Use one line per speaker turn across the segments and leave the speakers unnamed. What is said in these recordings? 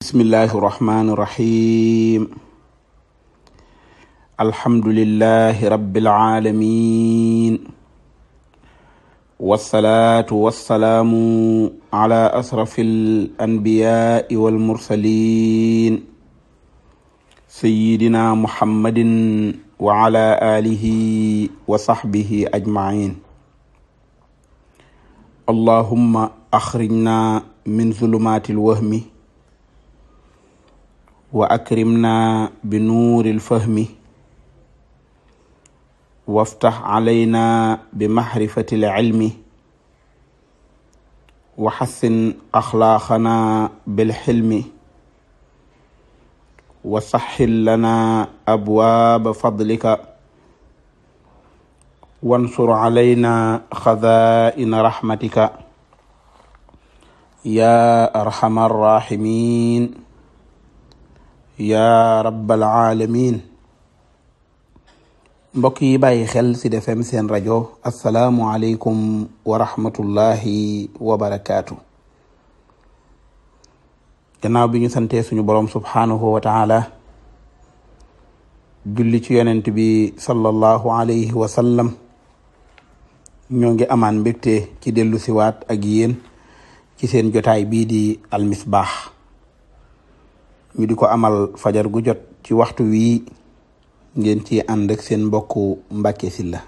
bismillahi irrahmani irrahim alhamdulilahi rabiilalamin walsalaatu walsalaamu ala asrafi alanbiyaai walmursalin sayidina muhammadin wa ala alihi wa saxbihi ajmain allahumma axrijna min zulumaati alwahmi wa akrimna bi nuuril fahmi waftax calayna bi maxrifati lcilmi wa xassin axlaaqana bilxilmi wa saxxil lana abwaaba fadlika wansur calayna xazaa'ina raxmatika yaa arxama arraximin yaa rabbal aalamiin mbokk yi bàyyi xel ci Sud FM seen rajo asalaamu aleykum wa rahmatullahi wa barakaatu. gannaaw bi ñu santee suñu boroom subhaanahu wa taala julli ci yonent bi sallallahu alayhi wa ñoo ngi amaan mbégte ci dellu siwaat ak yéen ci seen jotaay bii di almisbaax ñu di ko amal fajar gu jot ci waxtu wii ngeen ci ànd seen mbokku Mbàkke Sylla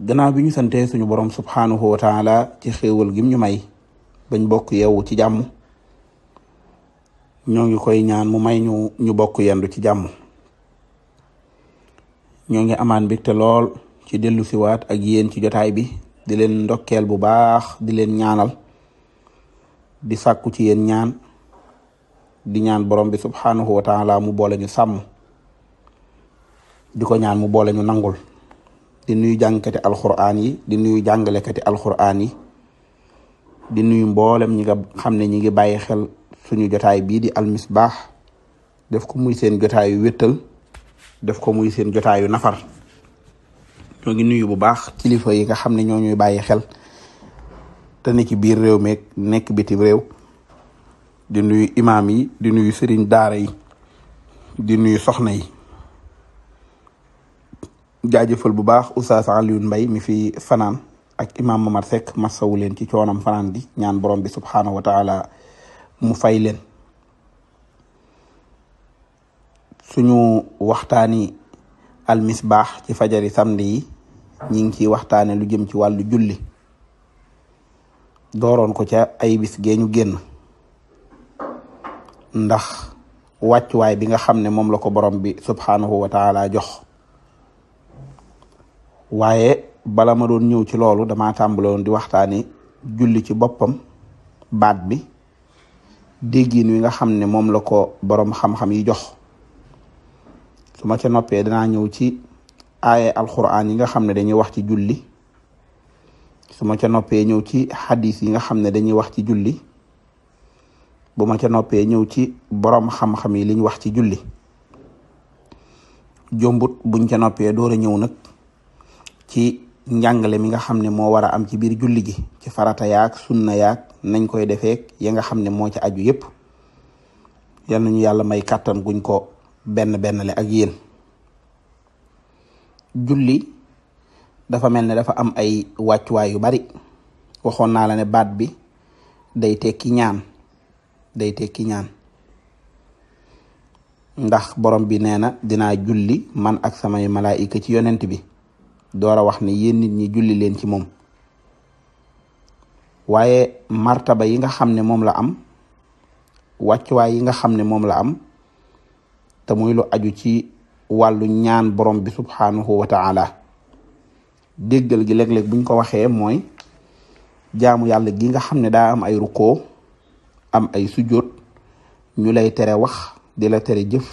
ganaaw bi ñu sante suñu borom subhaanahu wa taala ci xéewal gim ñu may bañ bokk yeewu ci jàmm ñoo ngi koy ñaan mu ñu bokk yendu ci jàmm ñoo ngi amaan mbégte lool ci dellu siwaat ak yéen ci jotaay bi di leen ndokkeel bu baax di leen ñaanal di sàkku ci yéen ñaan di ñaan borom bi subhanahu wa taala mu boole ñu sàmm di ko ñaan mu boole ñu nangul di nuyu jàngkati alxuraan yi di nuyu jàngalekati alxuraan yi di nuyu mboolem ñi xam ne ñi ngi bàyyi xel suñu jotaay bii di baax def ko muy seen jotaayu wéttal def ko muy seen jotaayu nafar ñoo ngi nuyu bu baax kilifa yi nga xam ne ñoo ñuy bàyyi xel te ne ci biir réew mi nekk bitim réew di nuyu imaam yi di nuyu sëriñ daara yi di nuyu soxna yi jaajëfal bu baax Oustaz Alioune Mbaye mi fi fanaan ak imaam Mamar Seck masawu leen ci coonam fanaan bi ñaan borom bi subxanahu wa mu fay leen suñu waxtaani almisbaax ci fajari samedi yi ñi ngi ciy waxtaane lu jëm ci wàllu julli dooroon ko ca ay bis gee génn. ndax wàccuwaay bi nga xam ne moom la ko borom bi subhaanahu wa taala jox waaye bala ma doon ñëw ci loolu damaa tàmbaloon di waxtaane julli ci boppam baat bi déggin wi nga xam ne moom la ko borom xam-xam yi jox su ma ca noppee danaa ñëw ci aaye alxuraan yi nga xam ne dañuy wax ci julli su ma ca noppee ñëw ci xadis yi nga xam ne dañuy wax ci julli bu ma ca noppee ñëw ci boroom xam-xam yi liñ wax ci julli jombut buñ ca noppee door a ñëw nag ci njàngale mi nga xam ne moo war a am ci biir julli gi ci farata yaak sunna yaak nañ koy defeek ya nga xam ne moo ca aju yépp yal nañu yàlla may kàttan guñ ko benn benn le ak yéen julli dafa mel ne dafa am ay wàccuwaay yu bari waxoon naa la ne baat bi day tekki ñaan day tekki ñaan ndax borom bi nee na dinaa julli man ak samay malaayika ci yonent bi door wax ne yéen nit ñi julli leen ci moom waaye martaba yi nga xam ne moom la am wàccuwaay yi nga xam ne moom la am te muy lu aju ci wàllu ñaan borom bi subhanahu wa taala déggal gi léeg-léeg buñ ko waxee mooy jaamu yàlla gi nga xam ne daa am ay rukkoo am ay sujjóot ñu lay tere wax di la tere jëf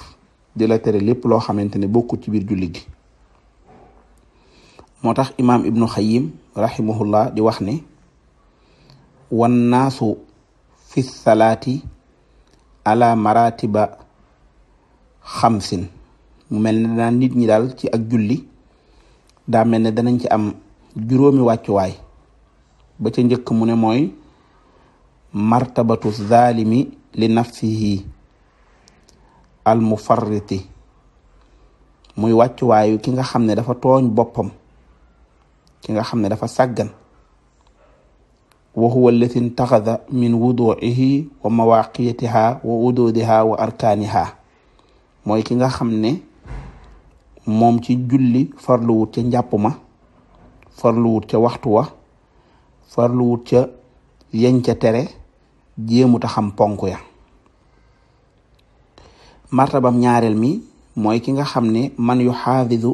di la tere lépp loo xamante ne bokkut ci biir julli gi moo tax imaam ibnu xayim rahimahullah di wax ne wan naasu fi salaati ala maratiba xamsin mu mel ne daan nit ñi daal ci ak julli daa mel ne danañ ci am juróomi wàccuwaay ba ca njëkk mu ne mooy martabatu zaalimi li nafsihi al mufarriti muy wàccuwaayu ki nga xam ne dafa tooñ boppam ki nga xam ne dafa sàggan wa huwa allati intaxada min wuduihi wa mawaqiyatiha wa ududiha wa arkaaniha mooy ki nga xam ne moom ci julli farluwut ca njàpp ma farluwut ca waxtu wa farluwut ca yeñ ca tere jéemut a xam ponk ya martabam mi mooy ki nga xam ne man yu xaafidu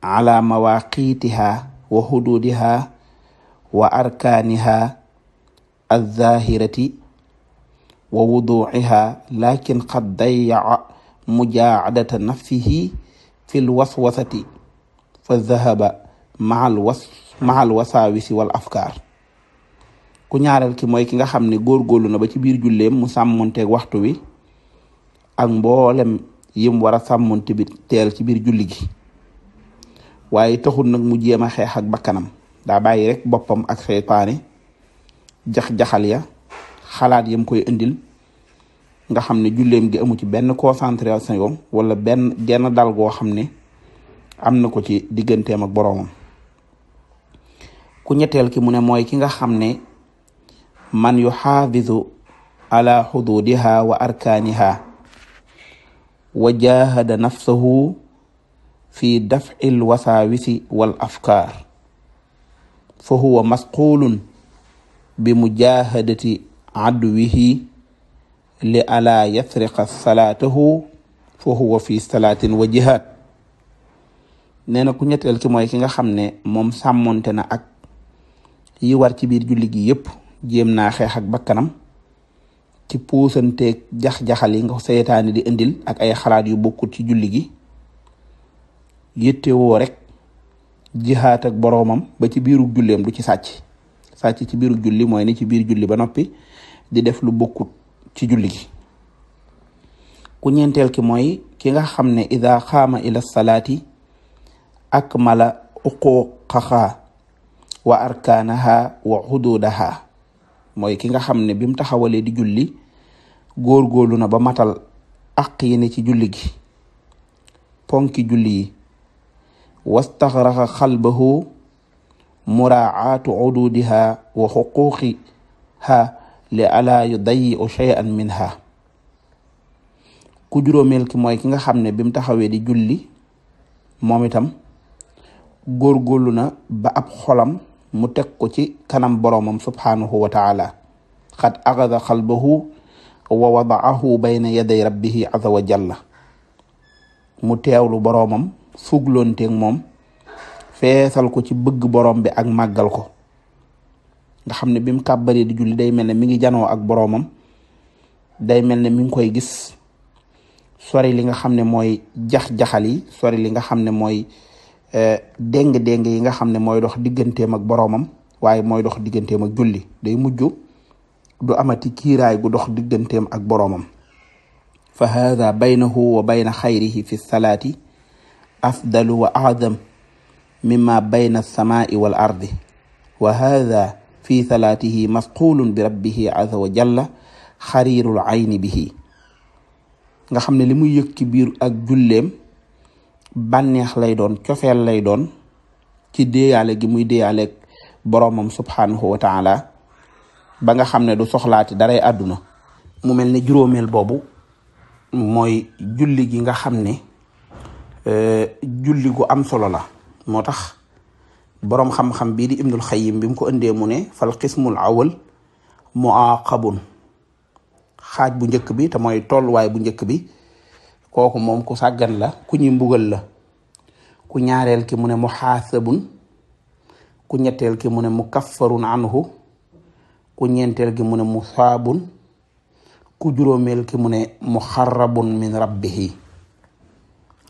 ala mawaqiitiha wa xududiha wa arkaaniha alzahirati wa wuduciha lakin qad dayaca mujaacadata nafsihi fi lwaswasati fa dahaba maca alwasaawisi wal afkaar ku ñaareel ki mooy ki nga xam ne góorgóorlu na ba ci biir julleem mu sàmmonteeg waxtu wi ak mboolem yim war a sàmmonte bi teel ci biir julli gi waaye taxul nag mu jéem a xeex ak bakkanam daa bàyyi rek boppam ak seytaane jax-jaxal ya xalaat yam koy indil nga xam ne julleem gi amu ci benn concentration wala benn genn dal goo xam ne am na ko ci digganteem ak boroomam ku ñetteel ki mu ne mooy ki nga xam ne man yuxaafidu ala xuduudiha wa arkaaniha wa jahada nafsahu fi dafci alwasaawisi wal afkaar fa huwa masquulun bi mujahadati aduwihi li alaa yasriqa salaatahu fa huwa fi salaatin wa jihaad ku ñetteel ki mooy ki nga xam ne moom sàmmonte na ak yi war ci biir julli gi yépp jéem naa xeexak bakkanam ci puusanteeg jax-jaxal yi nga seytaane di indil ak ay xalaat yu bokkut ci julli gi yittewoo rek jihaat ak boroomam ba ci biiru julleem du ci sàcc sàcc ci biiru julli mooy ni ci biir julli ba noppi di def lu bokkut ci julli gi ku ñeenteel ki mooy ki nga xam ne ida xaama ila salaati akmala uquqaha wa arkaanaha wa xuduudaha mooy ki nga xam ne bi mu taxawalee di julli góorgóorlu na ba matal ak yi ne ci julli gi ponki julli yi wastaxraxa xalbahu muraacaatu cuduudiha wa xuquuqiha li alaa yudayiu cheyan minha ku juróomeel ki mooy ki nga xam ne bi mu taxawee di julli moom itam góorgóorlu na ba ab xolam mu teg ko ci kanam boroomam subhaanahu wa taala xad axada xalbahu wa wadaahu bayna yaday rabbihi azza wa jalla mu teewlu boroomam fugloonteeg moom feesal ko ci bëgg boroom bi ak màggal ko nga xam ne bi mu kàbbaree di julli day mel ne mi ngi janoo ak boroomam day mel ne mi ngi koy gis sori li nga xam ne mooy jax-jaxal yi sori li nga xam ne mooy Eh, déng-déng yi nga xam ne mooy dox digganteem ak boroomam waaye mooy dox digganteem ak julli day mujj du amati kiiraay gu dox digganteem ak boroomam fa haada baynahu wa bayna xayrihi fi salaati afdalu wa aadam mimma bayna alsamaai wal ardi wa haada fi salaatihi masquulun bi rabbihi aza ayni bihi nga xam ne li muy yëg ci biir ak julleem bànneex lay doon cofeel lay doon ci déeyaale gi muy déeyaaleeg boroomam subhanahu wa taala ba nga xam ne du soxlaati daray àdduna mu mel ne juróomeel boobu mooy julli gi nga xam ne e, julli gu am solo la moo tax boroom xam-xam bii di ibnul xayim bim ko indee mu ne fal qismul awal muaqabun xaaj bu njëkk bi te mooy tolluwaay bu njëkk bi kooku moom ku sàggan la ku ñuy mbugal la ku ñaareel ki mu ne mu xaasabun ku ñetteel ki mu ne mu kaffarun anhu ku ñeenteel ki mu ne mu saabun ku juróomeel ki mu ne mu xarrabun min rabbihi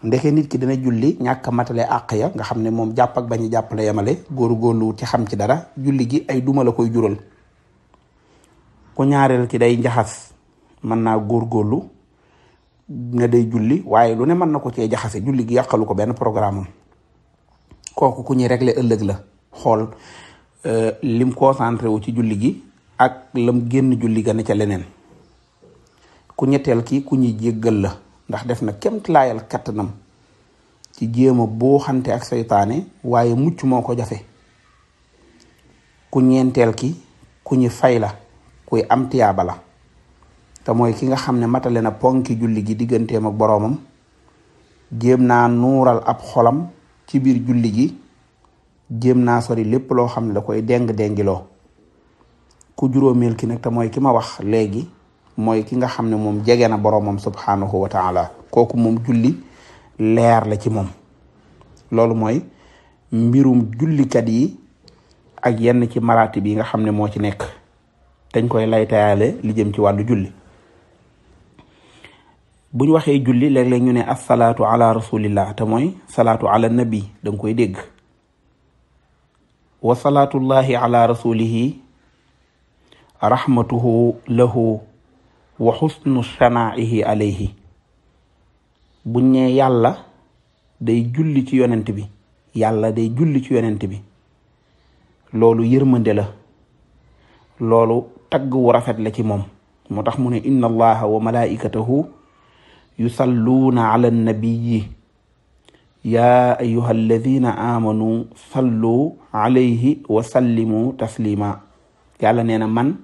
ndeke nit ki dana julli ñàkk matale àq ya nga xam ne moom jàpp ak bañu jàppale yemale góorgóorlu ci xam ci dara julli gi ay duma la koy jural ku ñaareel ki day njaxas mën naa góorgóorlu ne day julli waaye lu ne mën na ko cee jaxase julli gi yàqalu ko benn programme kooku ku ñuy régler ëllëg la xool euh, lim concentré wu ci julli gi ak lam génn julli ga ne ca leneen ku ñetteel ki ku ñuy jéggal la ndax def na kemtlaayal kattanam ci jéem a boo xante ak seytaane waaye mucc moo ko jafe ku ñeenteel ki ku ñu fay la kuy am tiyaaba la te mooy ki nga xam ne matale na ponki julli gi digganteem ak boroomam jéem naa nuural ab xolam ci biir julli gi jéem naa sori lépp loo xam ne da koy déng-déngiloo ku juróomeel ki nag te mooy ki ma wax léegi mooy ki nga xam ne moom jege na boroomam subhaanahu wa taala kooku moom julli leer la ci moom loolu mooy mbirum jullikat yi ak yenn ci maraati bi nga xam ne moo ci nekk dañ koy laytayaale li jëm ci wàllu julli bu waxee julli léeg-léeg ñu ne asalaatu ala rasulillah te mooy salaatu ala nabi da nga koy dégg wa salaatullahi ala rasulihi rahmatuhu lahu wa xusnu sanaihi alayhi buñ ne yàlla day julli ci yonent bi yàlla day julli ci yonent bi loolu yërmande loolu tagg wu rafet la ci moom moo tax mu ne inna allaha wa malaikatahu yusalluuna ala nnabiyi yaa ayuha amanu sallu alayhi wa taslima yàlla nee na man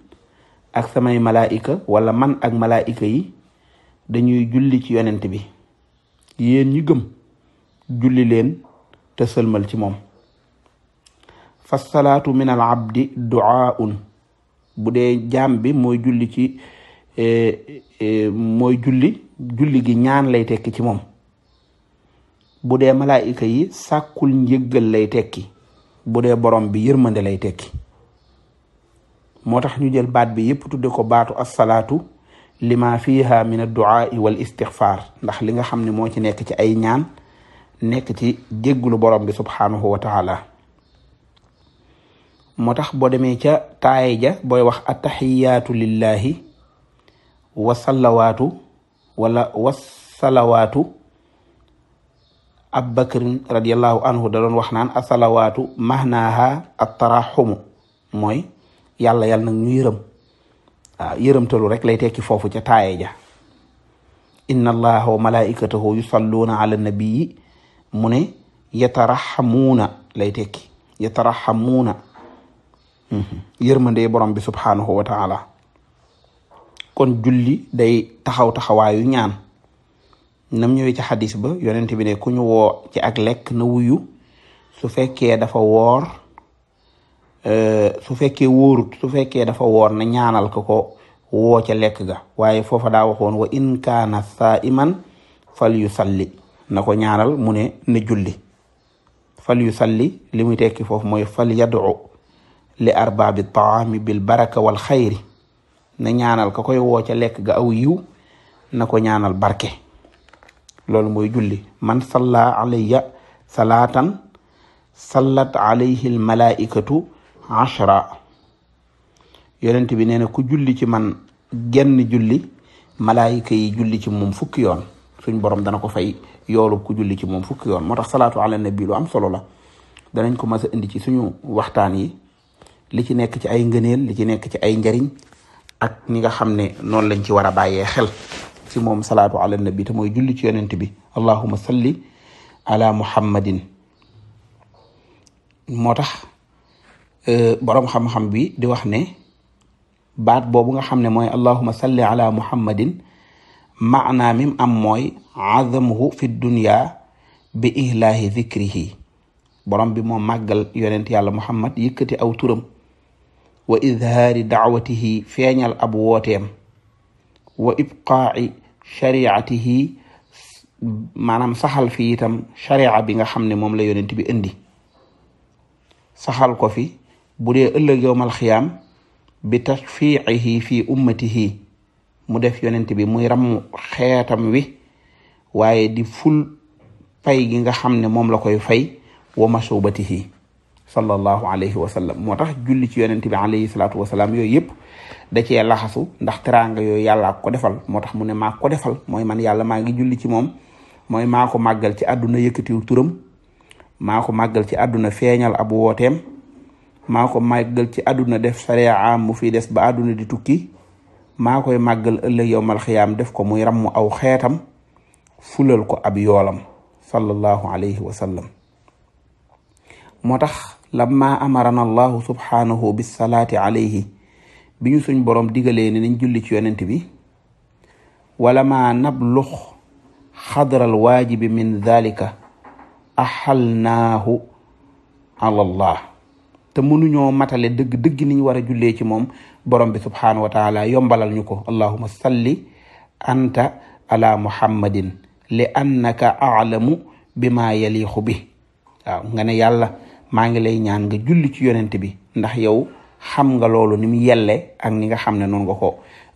ak samay malaayika wala man ak malaayika yi dañuy julli ci yonent bi yéen ñu gëm julli leen te sëlmal ci moom fa salaatu min al du'aun bu dee jaam bi mooy julli ci E, e, mooy julli julli gi ñaan lay tekki ci moom bu dee malaayika yi sàkkul njëggal lay tekki bu dee borom bi yërmande lay tekki moo tax ñu jël baat bi yépp tudde ko baatu assalaatu lima fiha min adduaai wal istixfaar ndax li nga xam ne moo ci nekk ci ay ñaan nekk ci jégglu borom bi subhaanahu wa moo tax boo demee ca taaye ja booy wax attaxiyaatu lillahi wasalawaatu wala wasalawaatu abubakrin radiallahu anhu da doon wax naan salawaatu mahnaaha attaraxumu mooy yàlla yàlla nag ñu yërëm waaw ah, yërëmtalu rek lay tekki foofu ca taaye ja inna allaha wa malaikatahu yusalluuna ala nabii mu ne yataraxamuuna lay tekki yataraxamuuna mhm. yërmandee borom bi subhanahu wa kon julli day taxaw taxawaayu ñaan nam ñëwee ci xadis ba yonent bi ne ku ñu woo ci ak lekk na wuyu su fekkee dafa woor euh, su fekkee wóorut su fekkee dafa woor na ñaanal ko ko woo ca lekk ga waaye foofa daa waxoon wa in saiman fal yu salli na ko ñaanal mu ne na julli fal yu salli li muy tekki foofu mooy fal yadu li arbaabi taami bil baraka wal xayri na ñaanal ka koy woo ca lekk ga aw yiw na ko ñaanal barke loolu mooy julli man salla alayya salaatan sallat alayhi al malaikatu ashra yonent bi nee na ku julli ci man genn julli malaayika yi julli ci moom fukki yoon suñ borom dana ko fay yoolu ku julli ci moom fukki yoon moo tax salaatu ala nabi lu am solo la danañ ko mas indi ci suñu waxtaan yi li ci nekk ci ay ngëneel li ci nekk ci ay njariñ ak ni nga xam ne noonu lañ ci war a bàyyee xel ci moom salaatu ala nabi te mooy julli ci yonent bi allahuma salli ala muhammadin moo tax euh, boroom xam-xam bi di wax ne baat boobu nga xam ne mooy allahuma salli ala muhammadin maanaa mim am mooy azamuhu fi dunya bi ihlaahi zikrihi borom bi moo màggal yonent yàlla muhammad yëkkati aw turam wa idhaari dacwatihi feeñal ab wooteem wa ibqaaci shariatihi maanaam saxal fi itam sharia bi nga xam ne moom la yonent bi indi saxal ko fi bu dee ëllëg yowmal xiyaam bi tashfiihi fi ummatihi mu def yonent bi muy ramu xeetam wi waaye di ful pay gi nga xam ne moom la koy fay wa masubatihi sallallahu alayhi wa sallam moo tax julli ci yonent bi alayhi salaatu wa salaam yooyu yëpp da cee laxasu ndax teraanga yooyu yàlla ko defal moo tax mu ne maa ko defal mooy man yàlla maa ngi julli ci moom mooy maa ko màggal ci àdduna yëkkatiw turam maa ko màggal ci àdduna feeñal ab wooteem maa ko màggal ci àdduna def sariya am mu des ba àdduna di tukki maa koy màggal ëllëg yowmal xiyaam def ko muy ràmm aw xeetam fulal ko ab yoolam sallallahu alayhi wa moo tax lamma amarana allahu subhanahu bisalaati alayhi bi ñu suñ borom digalee ne nañ julli ci yonent bi wala ma nablux xadral waajibi min dalika axalnaahu ala allah te mënuñoo matale dëgg dëgg ni ñu war a jullee ci moom borom bi subhaanahu wa taala yombalal ñu ko allahuma salli anta ala muhammadin li annaka aalamu bi ma yaliixu bi waaw yàlla maa ngi lay ñaan nga julli ci yonent bi ndax yow xam nga loolu ni mu yelle ak ni nga xam ne noonu nga ko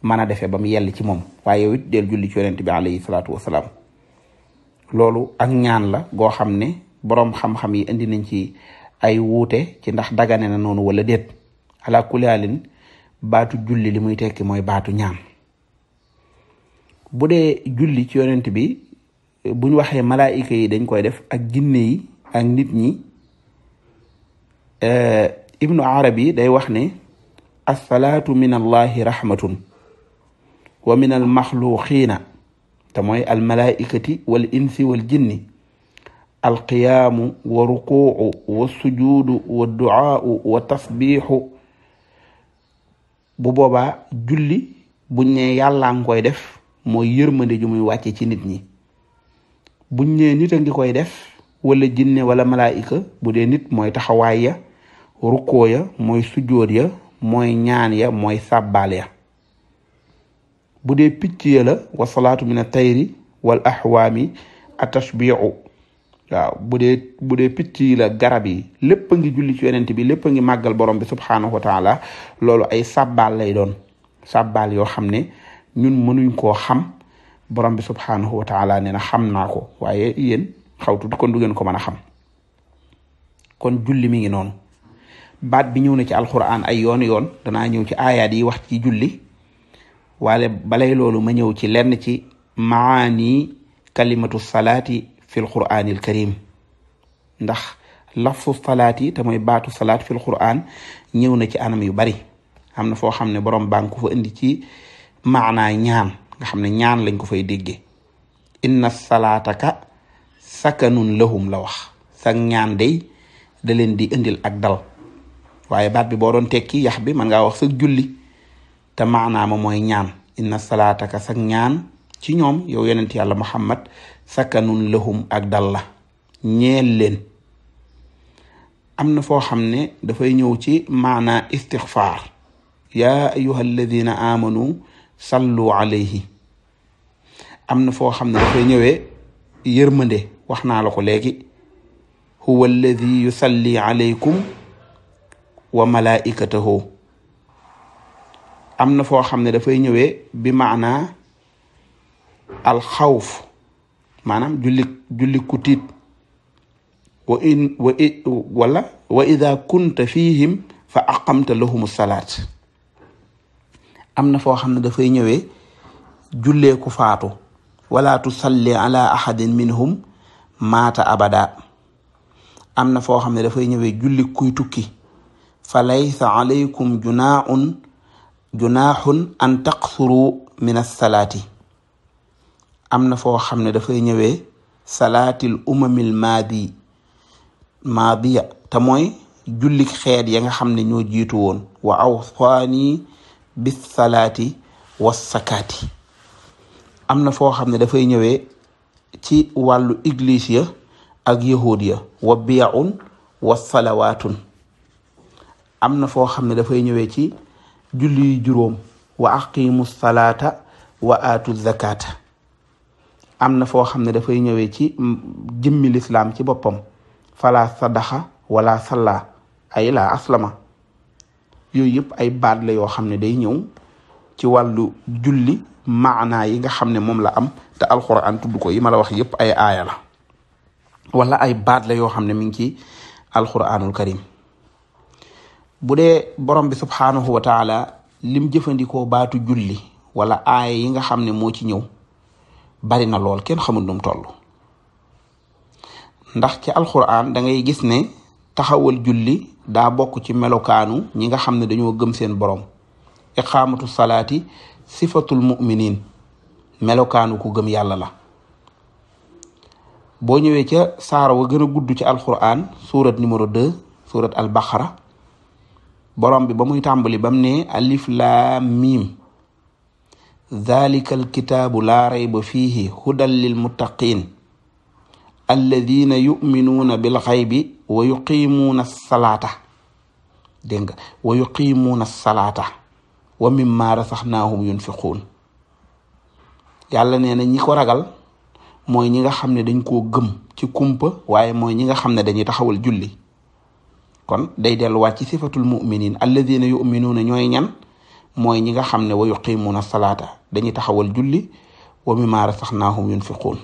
mën a defee ba mu yell ci moom waaye yow it del julli ci yonent bi alayhi salaatu wasalaam loolu ak ñaan la goo xam ne boroom xam yi indi nañ ci ay wuute ci ndax dagane na noonu wala déet ala baatu julli li muy tekki mooy baatu ñaan bu dee julli ci yonent bi buñ waxee malaayika yi dañ koy def ak jinne yi ak nit ñi Eh, ibnu arabi day wax ne alsalaatu min allahi rahmatun wa min almaxluqiina te mooy almalaaikati wal insi wal jinni alqiyaamu wa rukuucu wa sujuudu wa ducaau wa tasbiixu bu boobaa julli buñ ne yàllaa ngi koy def mooy yërmande ju muy wàcce ci nit ñi buñ ne nit ngi koy def wala jinne wala malaayika bu dee nit mooy taxawaay ya rukkoo mooy sujjóot ya mooy ñaan ya mooy sàbbaal ya bu dee picc ya la wa salaatu min a tayri wal axwaami a tashbiu waaw bu dee bu yi la garab yi lépp a ngi julli ci yonent bi lépp a ngi màggal borom bi subhaanahu wa taala loolu ay sàbbaal lay doon sabbal yoo xam ne ñun mënuñ koo xam borom bi subhaanahu wa taala nee na xam naa ko waaye yéen xawtu kon du ngeen ko mën a xam kon julli mi ngi noonu baat bi ñëw na ci alxuraan ay yoon yoon danaa ñëw ci aayaat yi wax ci julli waale balay loolu ma ñëw ci lenn ci maani kalimatu salaati fil quraanil karim ndax laffu yi te baatu salaat fil quraan ñëw na ci anam yu bari am na foo xam ne borom baa ngi indi ci maanaa ñaan nga xam ne ñaan lañ ko fay déggee inna salaataka sakanun laxum la wax sa ñaan day da leen di indil ak dal waaye baat bi boo doon tekki yax bi ma ngaa wax sag julli te maanaama mooy ñaan inna salaataka sag ñaan ci ñoom yow yonent yàlla muhammad sakanun lahum ak dal la ñeel leen am na foo xam ne dafay ñëw ci maana istixfaar yaa ayuha am na foo xam ne dafay yërmande wax naa la ko léegi huwa alladi yusalli alaykum wa malaikatahu am na foo xam ne dafay ñëwee bi maana alxawf maanaam julli julli wa in wa i wala wa ida kunta fihim fa aqamta lahumu salaat am na foo xam ne dafay ñëwee jullee ku faatu wala tusalli ala ahadin minhum maata abada am na foo xam ne dafay ñëwee julli kuy fa laysa alaykum junaaun junaaxun an taqsuru min alsalaati am na foo xam ne dafay ñëwee salaati umamil maadi maadiya te moy jullik xeet ya nga xam ne ñoo jiitu woon wa awsaani bisalaati wassakaati am na foo xam ne dafay ñëwee ci wàllu église ak yahuud ya wa biyaun wa salawaatun am na foo xam ne dafay ñëwee ci julli juróom wa kiimu salaata wa aatu zakata am na foo xam ne dafay ñëwee ci jëmmi lislaam ci boppam fala sadaxa wala salla ay la aslama yooyu yëpp ay baat la yoo xam ne day ñëw ci wàllu julli maanaa yi nga xam ne moom la am te alxuraan tudd yi ma la wax yëpp ay aaya la wala ay baat la yoo xam ne mi ngi ci alxuraanul karim bu dee borom bi subhaanahu wa taala lim jëfandikoo baatu julli wala aaya yi nga xam ne moo ci ñëw bari na lool kenn xamul num toll ndax ci alxuraan da ngay gis ne taxawal julli daa bokk ci melokaanu ñi nga xam ne dañoo gëm seen borom iqaamatu salaati sifatul muminin melokaanu ku gëm yàlla la boo ñëwee ca saara wa gën a gudd ci alxuraan surat numéro 2 surat al baqara borom bi ba muy tàmbali bam ne alif laa miim dalika alkitaabu laa rayba fiihi hudan lilmuttaqiin alladina yuminuuna bilxaybi wa yuqimuuna salaata dégg nga wa salaata wa mimma rasaxnaahum yunfiquun yàlla nee na ñi ragal mooy ñi nga xam ne dañ ko gëm ci kumpa waaye mooy ñi nga xam ne dañuy taxawal julli kon day delluwaat ci sifatul muminin alladina yuminuuna ñooy ñan ñi nga xam ne wa yuqimuuna salaata dañuy taxawal julli wa mimmaa rasaxnaahum yunfiquun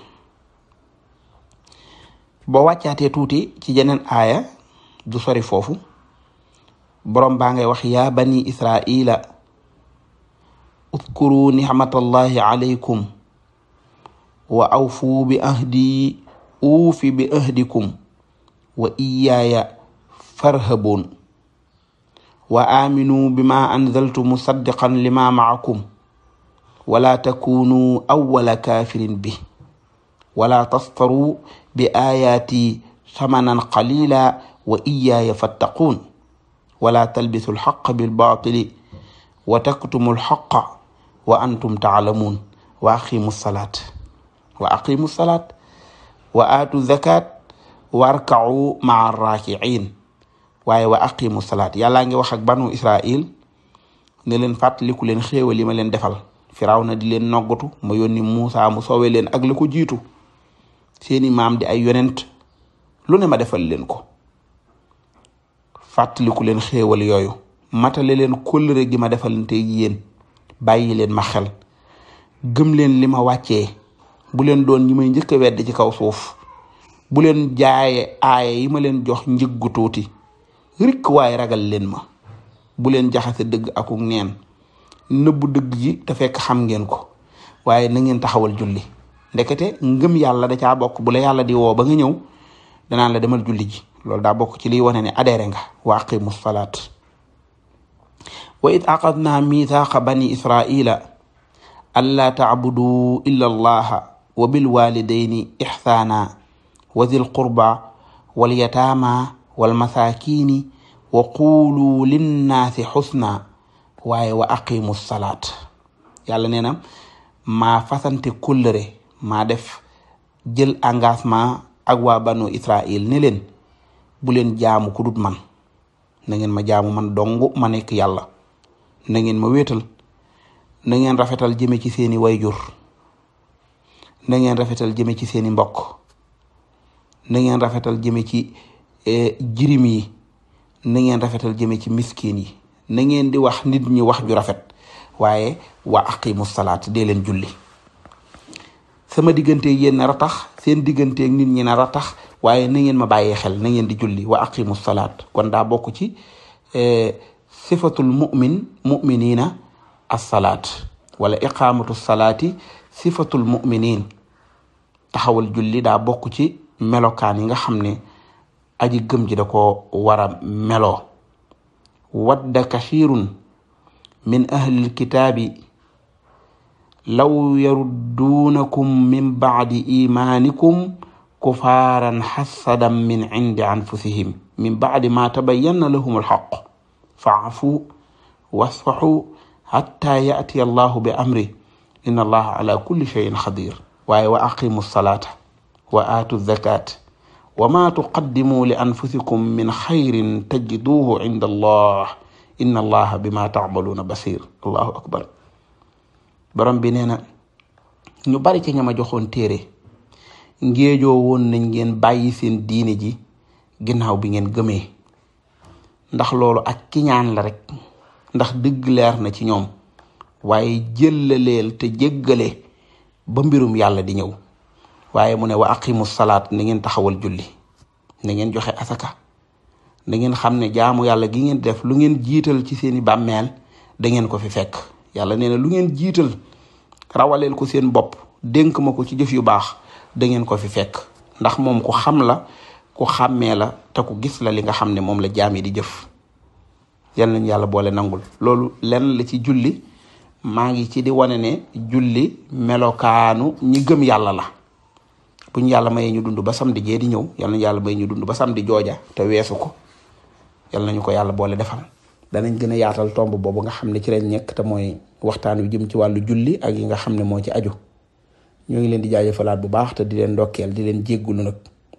boo wàccaatee tuuti ci jeneen aaya du sori foofu borom baa ngay wax ya bani israila udkuru nicmatallahi alaykum wa awfuu bi ahdi uufi bi ahdikum wa iyaaya farhabuun wa aaminu bimaa anzaltu musaddiqan limaa maakum wala takunuu awwala kaafirin bi wala tastaruu bi aayaati samanan qalila wa iyaaya fattaquun wala talbisu alxaqa bilbaatili wa taktumu alxaqa wa antum taalamuun wa aqimu salaat wa aqimu salaat wa aatu zakat warkau maa arraakiciin waaye wa aqimu salaat yàllaa ngi wax ak banu israil ne leen fàttaliku leen xéewal yi ma leen defal firaw na di leen noggatu ma yónni Muusa mu soowee leen ak li ko jiitu seeni maam di ay yonent lu ne ma defal leen ko fàttaliku leen xéewal yooyu matale leen kóllëre gi ma defalante yéen bàyyi leen ma xel gëm leen li ma wàccee bu leen doon ñi may njëkk a ci kaw suuf bu leen jaaye aaye yi ma leen jox njëggu tuuti rikk waay ragal leen ma bu leen jaxase dëgg akuk neen nëbbu dëgg ji te fekk xam ngeen ko waaye na ngeen taxawal julli ndekete ngëm yàlla da caa bokk bu yàlla di woo ba nga ñëw danaan la demal julli ji loolu daa bokk ci liy wane ne adhéré nga wa aqimu salaat wa id aqadna mithaqa bani israila allaa taabudu illa allaha wa bilwalidayni ixsaana wa dhil qurba walyataama wala walmasakini wa quulu linnaasi xusna waaye wa aqimu salaat yàlla nee na maa fasante kullëre maa def jël engagement ak waa banu Israil ne leen bu leen jaamu ku man na ngeen ma jaamu man dong ma nekk yàlla na ngeen ma wéetal na ngeen rafetal jëme ci seeni wayjur na ngeen rafetal jëme ci seeni mbokk na rafetal jëme ci Eh, jirim yi na ngeen rafetal jëme ci miskin yi na ngeen di wax nit ñi wax ju rafet waaye wa aqimu salaat dee leen julli sama diggante yéen ratax seen digganteeg nit ñi na ratax waaye na ngeen ma bàyyee xel na di julli wa aqimu salaat kon daa bokku ci eh, sifatul mu'min mu'minina as-salaat wala iqaamatu salaati sifatul mu'minin taxawal julli daa bokk ci melokaan yi nga xam ne aji gëm ji da ko war a wadda kacirun min ahlil kitaabi law yarudduunakum min bacdi imaanikum kufaaran xasadan min anfusihim min bacdi ma tabayyana lahum alxaq faafu wasfaxu xatta yaatiya allahu bi amri inna allaha ala kulli cheyin xadir waaye wa aqimu salaata wa aatu wa ma tuqaddimu li anfusikum min xayrin tajiduhu inda inna allaha bima taamaluuna basir allahu akbar borom bi nee na ñu bari ci ñama joxoon téere ngéejoo woon nañ ngeen bàyyi seen diine ji ginnaaw bi ngeen gëmee ndax loolu ak kiñaan la rek ndax dëgg leer na ci ñoom waaye jëllaleel te jéggale ba mbirum yàlla di ñëw waaye mu ne wa aqimu salaat ni ngeen taxawal julli ni ngeen joxe asaka na ngeen xam ne jaamu yàlla gi ngeen def lu ngeen jiital ci seeni bàmmeel da ngeen ko fi fekk yàlla nee na lu ngeen jiital rawaleel ko seen bopp dénk ma ko ci jëf yu baax da ngeen ko fi fekk ndax moom ku xam la ku xàmmee la te ku gis la li nga xam ne moom la jaam di jëf yal nañ yàlla boole nangul loolu len la ci julli maa ngi ci di wane ne julli melokaanu ñi gëm yàlla la bu ñu yàlla mayee ñu dund ba samedi di ñëw yal nañu yàlla may ñu dund ba samedi jooja te weesu ko yal nañu ko yàlla boole defal danañ gën a yaatal tomb boobu nga xam ne ci lañ nekk te mooy waxtaan wi jëm ci wàllu julli ak yi nga xam ne moo ci aju ñoo ngi leen di falaat bu baax te di leen dokkeel di leen jéggulu nag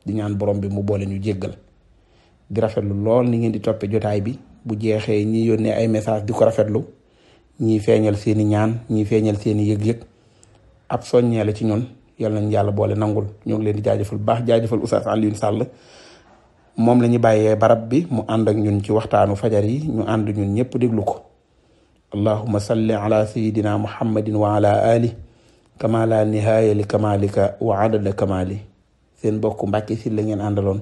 di ñaan borom bi mu boole ñu jéggal di rafetlu lool ni ngeen di toppe jotaay bi bu jeexee ñi yónnee ay message di ko rafetlu ñii feeñal seeni ñaan ñii feeñal seeni yëg-yëg ab soññee la ci ñun yal nañ yàlla boole nangul ñoo ngi leen di jaajëfal baax jaajëfal Oustaz Alioune Sall moom la ñu bàyyee barab bi mu ànd ak ñun ci waxtaanu fajar yi ñu ànd ñun ñëpp déglu ko allahuma salli ala sayidina muhammadin wa ala ali kama la wa adada kamali seen bokk Mbàkke si la ngeen àndaloon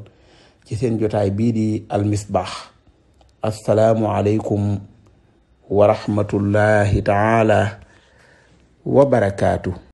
ci seen jotaay bii di almisbaax assalaamu aleykum wa rahmatullahi taala wa barakaatu